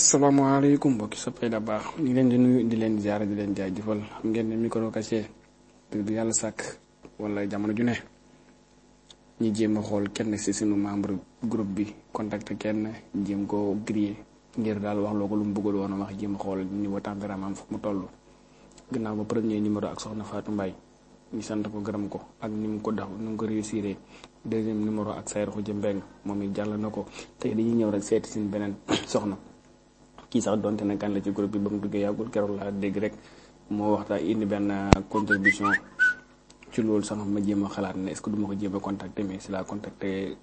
asalaamaaleykum mbokki soppay da baax ñu leen di nuyu di leen ziare di leen jaajëfal xam ngeen ne micro caché du yàlla sàkk wala jamono ju ne ñu jéem a xool kenn ci sunu membre groupe bi contacté kenn jéem koo grillé ngir daal wax loo ko lu mu bëggul woon a wax jéem a xool niveau tempérament fu mu toll. gannaaw ba premier numéro ak soxna Fatou mbay ñu sant ko gërëm ko ak ni mu ko dax ni mu ko réussir deuxième numéro ak Sayar jëm Mbeng moom it jàll na ko tey dañuy ñëw rek seeti suñu beneen soxna. kii sax donte na kan la ci groupe bi ba mu duggee yàggul keroog laa dégg rek moo waxtaan indi benn contribution ci loolu sax ma jéem xalaat ne est-ce ko jéem a contacter mais si laa contacter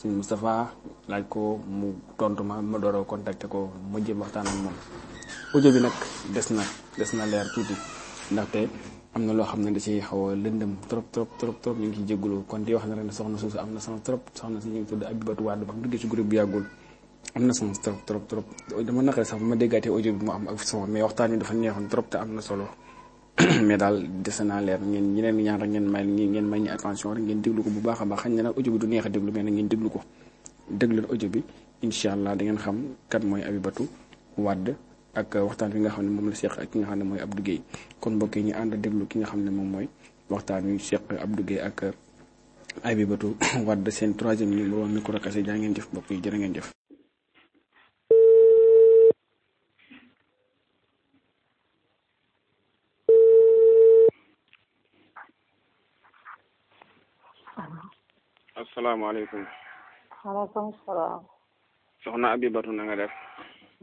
suñu Moustapha laaj ko mu tontu ma ma door a ko ma jéem waxtaan moom. audio bi nag des na des na leer tuuti ndaxte am na loo xam ne da ciy xaw a lëndëm trop trop trop trop ñu ngi ciy jégalu kon di wax na rek ne soxna suuf am na sama trop soxna si ñu ngi tudd Abibatu Wade ba mu duggee ci groupe bi yàggul. am na sens trop trop trop dama naqare sax bu ma déggaatee audio bi mu am ak son mais waxtaan wi dafa neexoon trop te am na solo mais daal dese naa leer ngeen ñeneen ñi ñaar rek ngeen may ngeen attention rek ngeen déglu ko bu baax a baax xañ na nag audio bi du neex a déglu mais nag ngeen déglu ko déglu audio bi incha allah da ngeen xam kat mooy Abibatou Wade ak waxtaan wi nga xam ne moom la seq ak ki nga xam ne mooy Abdou Guèye kon mbokk yi ñu ànd déglu ki nga xam ne moom mooy waxtaan wi seq Abdou Guèye ak a Wade seen troisième numéro micro ngeen jëf mbokk yi jërë ngeen jëf salaamaaleykum. maaleykum salaam. soxna Abibatu na def.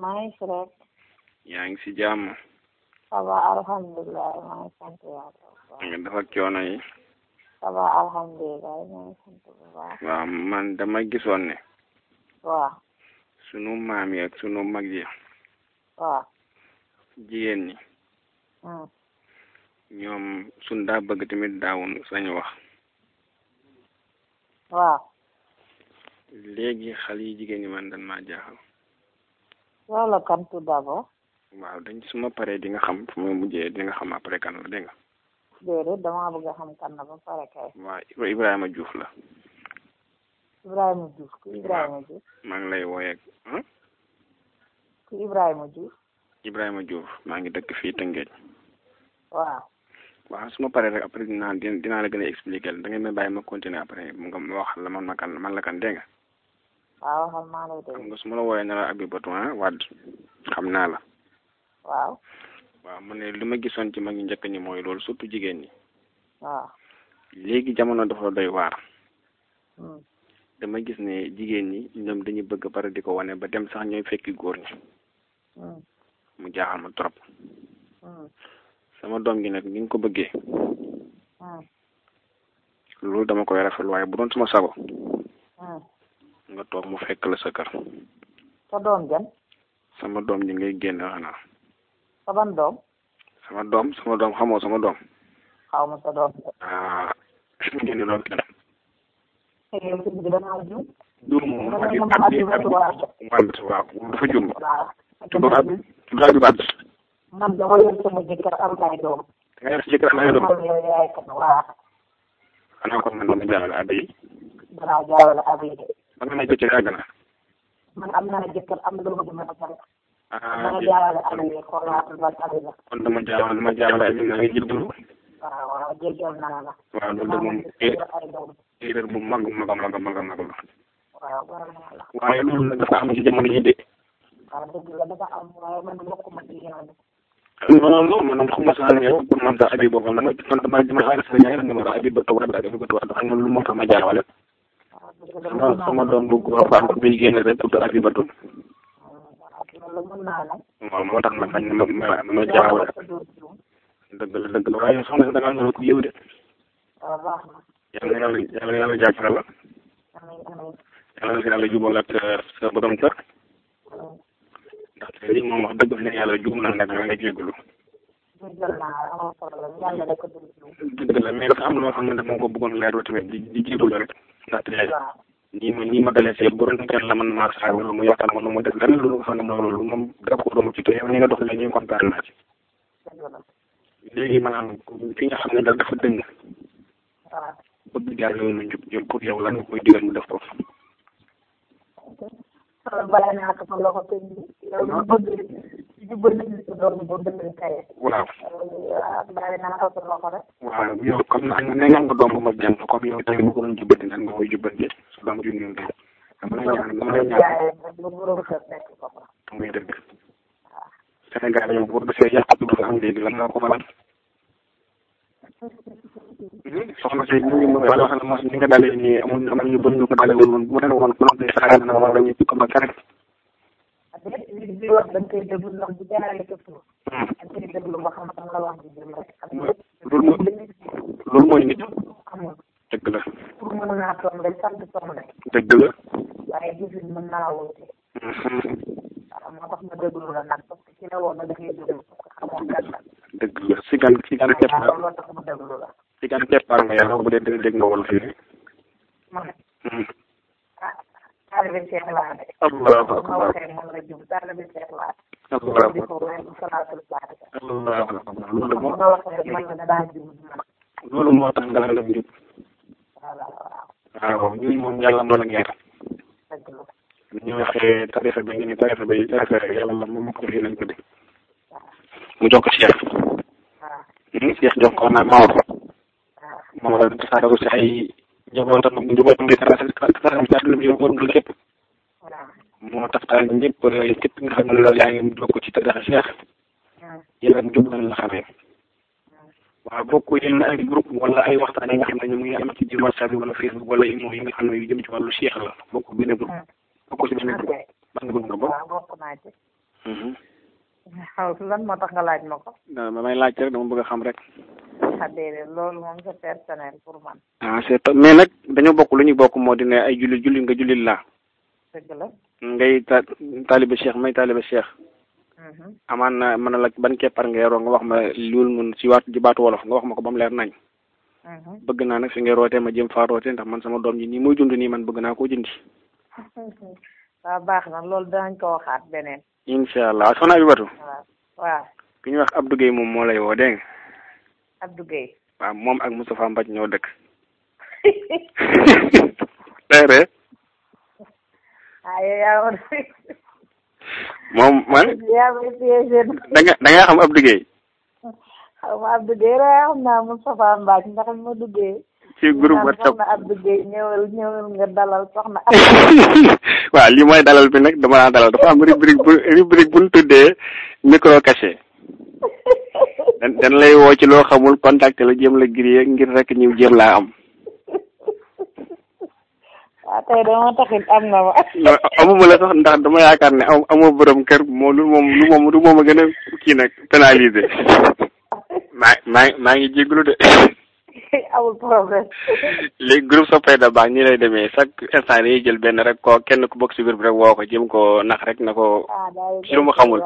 maa rek. yaa ngi si jàmm. ça alhamdulilah maa ngi sant yàlla. nga dafa coono yi. ça alhamdulilah maa man dama gisoon ne. waaw. sunu maam yi ak sunu mag yi. waaw. jigéen ñi. Hmm. ñoom sunu daa bëgg tamit daawun sañu wax. waaw. léegi xale jigéen ñi man dañ maa jaaxal. yow la kan tout d'abord. waaw dañ su ma paree di nga xam fu ma mujjee di nga xam après kan la dégg nga. déedéet damaa bëgg xam kan la ba pare kay. waaw Ibrahima Diouf la. Ibrahima Diouf ku Ibrahima Diouf. maa ngi lay wooyee ah. ku Ibrahima Diouf. Ibrahima Diouf maa ngi dëkk fii Tëngéej. waaw. waaw su ma paree rek après dinaa la gën a expliquer da ngay may bàyyi ma continuer après mu nga ma waxal la man ma kan la kan dégg nga. waaw waxal maa lay dégg. xam nga su ma la wooyee ne la Habibatou ah, Wade xam naa la. waaw. waaw mu ne li ma gisoon ci mag ñu njëkk ñi mooy loolu surtout jigéen ñi. waaw. léegi jamono dafa doy waar. Hmm. dama gis ne jigéen ñi ñoom dañuy bëgg pare di ko wane ba dem sax ñooy fekki góor ñi. Hmm. mu jaaxal ma trop. Hmm. sama doom gi nag ni nga ko bëggee. Hmm. loolu dama koy rafetlu waaye bu doon sama sago. Hmm. nga toog mu fekk la sa kër. sa sama doom ji ngay génn xanaa. doom. sama doom sama doom xamoo sama doom. xaw ma sa doom. ah. génn loolu kenn. yow si biir danaa juum. juum dafa juum. waaw dafa juum. man dama yor sama jëkkër am ay doom. da nga yor sa jëkkër am ay doom. yaay kat waaw. xanaa kon man dama jaawale ab yi. danaa jaawale ab yi de. man am na jëkkër yàgg na. man am naa jëkkër am lu ma gën a bëri. ah dama jaawale ab yi kon laa tuddal ab yi. kon dama jaawale dama jaawale ab yi nga jël waaw waaw jéggal naa la. waaw loolu de moom erreur bu mag mag a mag a mag a mag la. waaw borom yàlla. waaye loolu nag dafa am ci jamono yi de. waaw dëgg la dafa am waaye man bokkuma ci yoon bi. maanaam loolu maanaam xam nga sax yow pour man sax abi boobu la ma man dama dama xaaral sa ñaari nga ma abi ba taw rek abi ba taw ndax man lu moo tax ma jaarale sama sama doom bu góor baax ko bi génn rek tudd abi ba taw waaw moo tax nag man ma ma ma jaawale dëgg la dëgg la waaye soxna si da ngaa ñëw ku yëw de yàlla na yàlla na yàlla jàppale la yàlla na yàlla jubal ak sa borom kër ndax lii moom wax dëgg ne yàlla juum na nag nga jégalu. dëgg la mais dafa am loo xam ne dama ko bëggoon leerlu tamit di di jégalu rek ndaxte. nii ma nii ma dalee see la man maa saa wala mu yàqal ma nu mu def leneen lu nga xam ne moom loolu moom d'accord mu ci te yow léegi kontaan naa ci. fi nga xam ne daal dafa dëng. bëgg jaar yoonu njub jël pour yow lan nga koy digal mu def ko. balaa naa ko fa loxo waaw. Euh, waaw yow comme nag nee nga am nga doom bu mag jant comme yow tey bu ko doon jubbanti nan nga koy jubbanti su doom ju ñuul tey dama lay ñaan dama lay ñaan. muy dëgg. Sénégal yow boo desee yàqu dugg am léegi lan nga ko waral. Hmm? soxna si ñu ngi mën a wax ne mos ni nga dalee nii amul amul ñu bëri ñu ko dalee woon bu ma leen waxoon ku la day saxaar na war a ñëpp ko ba keroog. déet nit bi wax da nga koy déglu ndax bu jaarale sa tur. da nga koy déglu ba xam xam la wax ji jëm rek. xam nga loolu mooy loolu mooy nit. xam nga dëgg la. pour mën naa toog day sant soxna. dëgg la. waaye gis mën naa woote. waaw moo tax ma déglu la nag parce que ki la woon da ngay déglu parce que xamoon kan la. dëgg la si gan si gan départ. waaw loolu tax ma déglu la. si gan départ nga yàlla bu dee dégg nga woon fii. allahu akbar loolu moo tax nga la jub waaw ñun moom yàlla moo la ngeer ñu waxee tarixa bi ñu ne tarixa bi tarixa yàlla moom ko fi lañ ko di mu jox ko Cheikh Cheikh jox ko nag Maodo Maodo tasaare ko si ay njabootam njabootam di tasaare ko si àdduna bi yóbbu ko lépp ñëpp képp nga xam ne loolu yaa ngi bokk ci tarixa Cheikh yéen ak bokk yéen ay groupe wala ay waxtaan yi nga xam ne ci biir WhatsApp wala Facebook wala imo yi nga xam ne yu jëm ci wàllu Cheikh la bokk bi benn groupe bokk ci benn groupe ban groupe nga bokk. Mhm. xaw lan moo tax nga laaj ma ko. ma may laajte rek dama bëgg a xam rek. ah déedéet loolu moom ah, dañoo bokk lu ñu bokk moo di ne ay jullit jullit nga jullit laa. dëgg la. ngay ta taaliba Cheikh may taaliba Cheikh. Mm-hmm. amaan na man na la ban keppaar nga yoroo nga wax ma loolu mun si waat ji baatu wolof nga wax ma ko ba mu leer nañ. Mm-hmm. bëgg naa nag fi ngay rootee ma jëm faa rootee ndax man sama doom yi nii muy dund nii man bëgg naa koo jëndi. waaw baax na loolu danañ ko waxaat beneen. incha allah soxna bi batu. waaw ki ñuy wax Abdou Guèye moom moo lay woo dégg nga. Abdou Guèye. moom ak Moustapha Mbaj ñoo dëkk. dëgg moom man. da nga xam ab liggéey. xaw ma ab liggéey waaye xam ci groupe soxna Abdou Gueye ñëwal nga dalal soxna waaw lii mooy dalal bi nag dama naa dalal dafa am rubrique bu rubrique bu ñu tuddee micro caché dan lay woo ci loo xamul contacté la jéem la grillé ngir rek ñu jéem laa am waaw ah, tey dama taxit am na ma. Ah, amuma la sax ndax dama yaakaar ne am amoo borom kër moo lu moom lu moom lu moom a gën a kii nag pénalisé. maa maa maa ngi jégalu de. amul problème. léegi groupe Soppayda Bank ñi lay demee chaque instant yi jël benn rek ko kenn ku bokk si bi rek woo ko jëm ko nax rek na ko. Ah, ci lu mu xamul.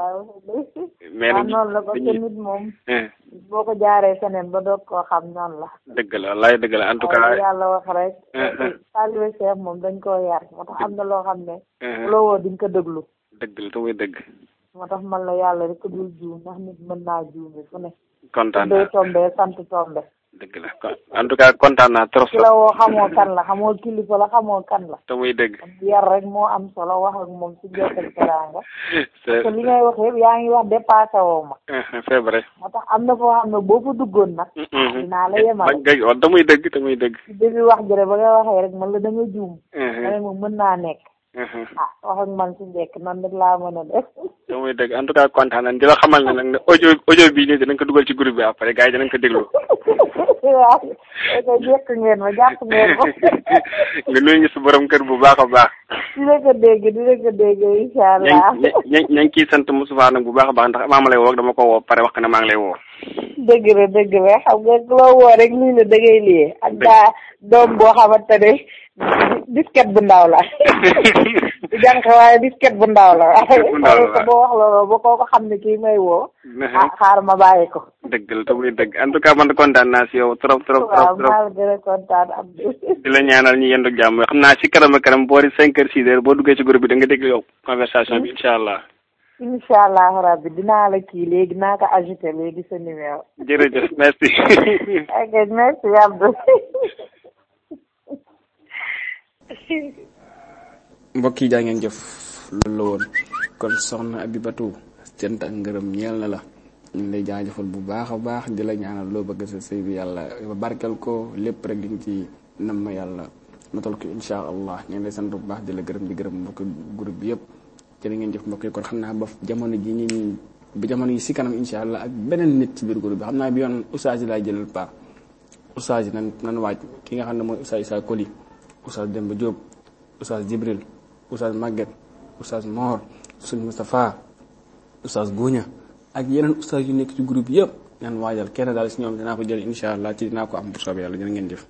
mais ah, nag noonu la parce que nit moom. Eh. boo ko jaaree feneen ba doog koo xam noonu la. dëgg la wallaay dëgg la en tout cas. yàlla wax rek. taalibe eh, eh. Cheikh moom dañ koo yar moo tax am na loo xam ne. loo woo di ko déglu. dëgg la te muy dëgg. moo tax man la yàlla rek dul juum ndax nit mën naa juum fu ne. kontaan naa sant dëgg la en tout trop. la woo xamoo kan la xamoo kilifa la xamoo kan la. te muy dëgg. yar rek moo am solo wax ak moom si jottali teraanga. parce que li ngay wax yëpp yaa ngi wax dépassé woo ma. Eh, c'est moo tax am na foo xam na boo fa duggoon nag. Mm, mm, mm. dinaa la yemal rek dëgg wax te muy dëgg te muy dëgg. si début wax jërë ba nga rek man la da eh, eh. nga juum. ma ne mën naa nekk. Uh-huh. Ah, wax ak man si njëkk man nag laa mën a def. yow muy dëgg en tout kontaan di la xamal ne nag ne audio audio bii nii dinañ ko dugal ci groupe bi après gars yi nga nuyu ñu si borom kër bu baax a baax. dina ko dégg dina ko dégg incha allah. ña ña ña ngi ciy sant Moustapha nag bu baax a baax ndax maa ma lay woo dama ko woo ne maa ngi lay woo. disket bu ndaw la jànq waaye disket bu ndaw boo wax ko xam ne kii may woo ah, xaar ma bàyyi ko dëgg la te muy dëgg en tout cas man kontaan naa si yow trop trop trop trop waaw gën a kontaan Abdou di la ñaanal ñu yendu jàmm xam naa si kanam a kanam boori cinq heures six heures boo duggee si groupe bi da nga déglu yow bi incha allah incha allah rabbi dinaa la kii léegi naa ko ajouté sa numéro jërëjëf merci ok merci Abdou mbokk yi jaa ngeen jëf loolu la woon kon soxna Abibatou cant ak ngërëm ñeel na la ñu ngi lay jaajëfal bu baax a baax di la ñaanal loo bëgg sa sëy bi yàlla barkeel ko lépp rek li nga ci nam ma yàlla matal ko incha allah ñu ngi lay sant bu baax di la gërëm di gërëm mbokk groupe bi yëpp jërë ngeen jëf mbokk kon xam naa ba jamono ji ñu ba jamono yi si kanam incha allah ak beneen nit ci biir groupe bi xam naa bi yoon oustaz laay jëlal paa oustaz nan nan waaj ki nga xam ne mooy oustaz Issa Coly Oustaz Demba Diop Oustaz Jibril Oustaz Maguette Oustaz Mor Oustaz Moustapha Oustaz Gouña ak yeneen oustaz yu nekk ci groupe yëpp ñaan waajal kenn daal si ñoom dinaa ko jël incha allah ci dinaa ko am bu soobee yàlla jërë ngeen jëf